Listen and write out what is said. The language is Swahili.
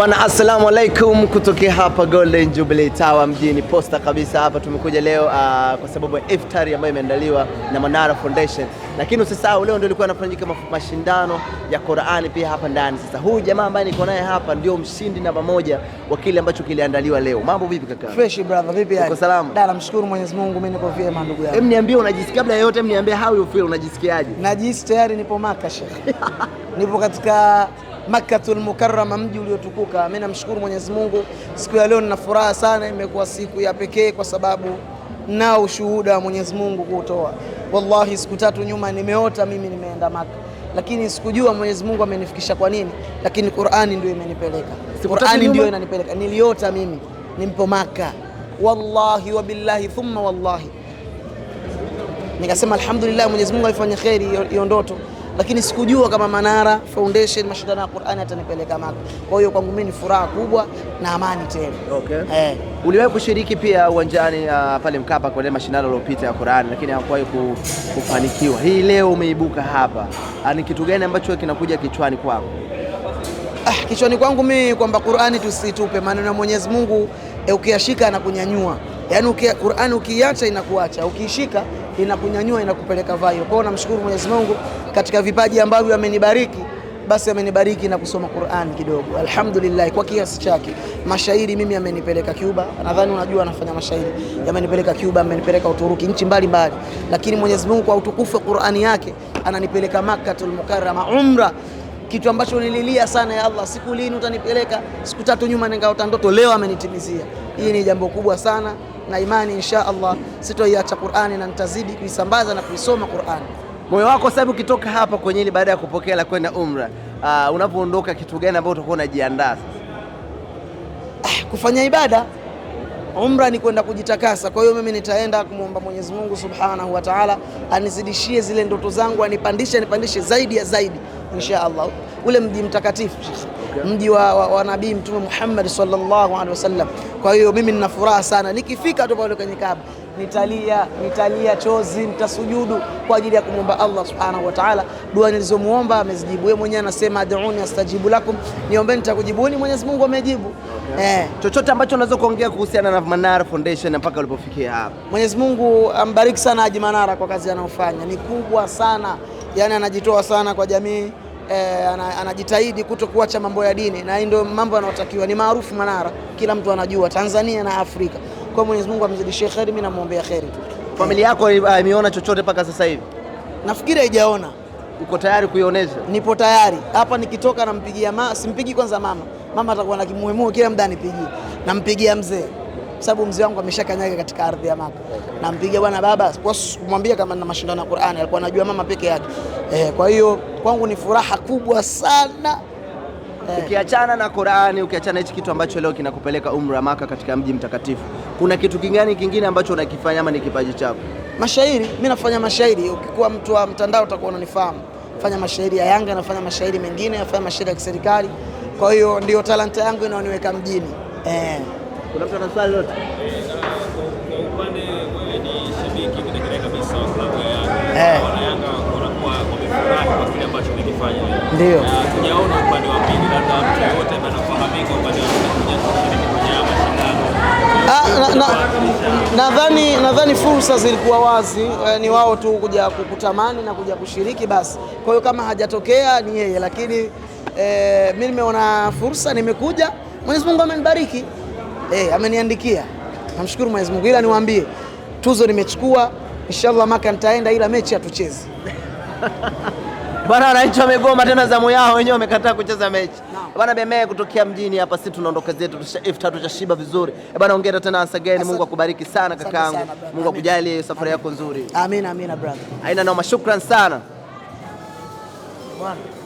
Bwana, assalamu alaikum, kutokea hapa Golden Jubilee Tower mjini Posta kabisa. Hapa tumekuja leo uh, kwa sababu ya iftari ambayo imeandaliwa na Manara Foundation, lakini usisahau leo ndio ilikuwa inafanyika mashindano ya Qur'ani pia hapa ndani. Sasa huyu jamaa ambaye niko naye hapa ndio mshindi namba moja wa kile ambacho kiliandaliwa leo. Mambo vipi kaka? Fresh brother, vipi yani? Uko salama? Da, namshukuru Mwenyezi Mungu, mimi niko vyema ndugu yangu. Hem, niambie unajisikia, kabla ya yote, hem niambie how you feel, unajisikiaje? Najisikia tayari nipo Makkah Sheikh. Nipo katika Makkatul Mukarrama, mji uliotukuka. Mimi namshukuru Mwenyezi Mungu, siku ya leo nina furaha sana, imekuwa siku ya pekee kwa sababu na ushuhuda wa Mwenyezi Mungu kuutoa. Wallahi, siku tatu nyuma nimeota mimi nimeenda Maka, lakini sikujua Mwenyezi Mungu amenifikisha kwa nini, lakini Qur'ani ndio imenipeleka. Qur'ani ndio inanipeleka. Niliota mimi nimpo Maka, wallahi wa billahi thumma wallahi, nikasema alhamdulillah, Mwenyezi Mungu alifanya kheri hiyo ndoto lakini sikujua kama Manara Foundation mashindano ya Qur'ani atanipeleka Maka. Kwa hiyo kwangu mimi ni furaha kubwa na amani tena Okay. Eh. Uliwahi kushiriki pia uwanjani uh, pale Mkapa kwa ile mashindano yaliyopita ya Qur'ani lakini hakuwahi kufanikiwa. Hii leo umeibuka hapa. Ah, ni kitu gani ambacho kinakuja kichwani kwako? Ah, kichwani kwangu mimi kwamba Qur'ani tusitupe, maneno ya Mwenyezi Mungu e, ukiyashika anakunyanyua. Yaani Qur'ani ukiacha inakuacha, ukiishika inakunyanyua inakupeleka vayo. Kwa hiyo namshukuru Mwenyezi Mungu katika vipaji ambavyo amenibariki basi amenibariki na kusoma Qur'an kidogo, alhamdulillah, kwa kiasi chake. Mashairi mimi amenipeleka Cuba, nadhani unajua anafanya mashairi, yamenipeleka Cuba, amenipeleka Uturuki, nchi mbalimbali, lakini Mwenyezi Mungu kwa utukufu wa Qur'ani yake ananipeleka Makkatul Mukarrama umra, kitu ambacho nililia sana, ya Allah, siku lini utanipeleka? Siku tatu nyuma ningaota ndoto, leo amenitimizia. Hii ni jambo kubwa sana na imani insha Allah sitoiacha Qur'ani na nitazidi kuisambaza na kuisoma Qur'ani. Moyo wako sasa ukitoka hapa kwenye ile baada ya kupokea la kwenda umra, uh, unapoondoka kitu gani ambacho utakuwa unajiandaa sasa? Ah, kufanya ibada. Umra ni kwenda kujitakasa. Kwa hiyo mimi nitaenda kumwomba Mwenyezi Mungu Subhanahu wa Ta'ala anizidishie zile ndoto zangu, anipandishe anipandishe zaidi ya zaidi insha Allah, ule mji mtakatifu mji wa, wa, wa Nabii Mtume Muhammad sallallahu alaihi wasallam. Kwa hiyo mimi nina furaha sana nikifika tu pale kwenye Kaaba nitalia nitalia chozi, nitasujudu kwa ajili ya kumwomba Allah subhanahu wa ta'ala. Dua nilizomuomba amezijibu yeye mwenyewe, anasema ad'uni astajibu lakum, niombe nitakujibuni. Mwenyezi Mungu amejibu. Okay. Eh, chochote ambacho unaweza kuongea kuhusiana na Manara Foundation mpaka ulipofikia hapa. Mwenyezi Mungu ambariki sana Haji Manara kwa kazi anayofanya, ni kubwa sana, yani anajitoa sana kwa jamii eh, anajitahidi kuto kuacha mambo ya dini, na ndio mambo yanayotakiwa. Ni maarufu Manara, kila mtu anajua Tanzania na Afrika. Kwa Mwenyezi Mungu amzidishie kheri, mimi namwombea kheri. Familia yako ah, imeona chochote mpaka sasa hivi? Nafikiri haijaona. Uko tayari kuionesha? Nipo tayari. Hapa nikitoka nampigia ma, simpigi kwanza mama. Mama atakuwa na kimuhimu kila muda anipigie. Nampigia mzee kwa sababu mzee wangu ameshakanyaga katika ardhi ya Maka. Nampigia bwana baba, kumwambia kama na mashindano ya Qur'an, alikuwa anajua mama peke yake. Eh, kwa hiyo kwangu ni furaha kubwa sana. Eh. Ukiachana na Qur'ani, ukiachana hichi kitu ambacho leo kinakupeleka umra Maka katika mji mtakatifu, kuna kitu kingani kingine ambacho unakifanya ama ni kipaji chako? Mashairi, mimi nafanya mashairi. Ukikuwa mtu wa mtandao utakuwa unanifahamu. fanya mashairi ya Yanga, nafanya mashairi mengine, nafanya mashairi ya kiserikali. Kwa hiyo ndio talanta yangu inaoniweka mjini. Eh. Kuna mtu ana swali lolote? Kwa upande wewe ni shabiki kabisa wa klabu ya Yanga. Wana Yanga wanakuwa wamefurahi kwa kile ambacho Ndio. Tujaona ah, upande wa pili labda mtu yote anafahamika upande wa kuja kushiriki kwenye mashindano. Nadhani nadhani fursa zilikuwa wazi, eh, ni wao tu kuja kukutamani na kuja kushiriki basi. Kwa hiyo kama hajatokea ni yeye, lakini eh, mimi nimeona fursa, nimekuja. Mwenyezi Mungu amenibariki eh, ameniandikia. Namshukuru Mwenyezi Mungu, ila niwaambie tuzo nimechukua, inshallah maka nitaenda, ila mechi hatuchezi bwana. Wananchi wamegoma tena zamu yao wenyewe, wamekataa kucheza mechi bwana. Bemee kutokea mjini hapa, sisi tunaondoka zetu, tushafta tushashiba vizuri eh, bwana. Ongera tena once again, Mungu akubariki sana kakaangu Mungu akujalie safari yako nzuri. Amina, amina brother, aina noma. Shukrani sana bwana.